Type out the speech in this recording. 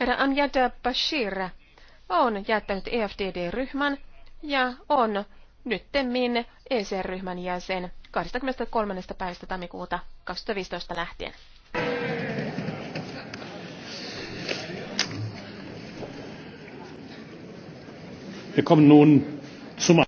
Herra Amjad Bashir on jättänyt EFDD-ryhmän ja on nyttemmin ECR-ryhmän jäsen 23. päivästä tammikuuta 2015 lähtien. Wir kommen nun zum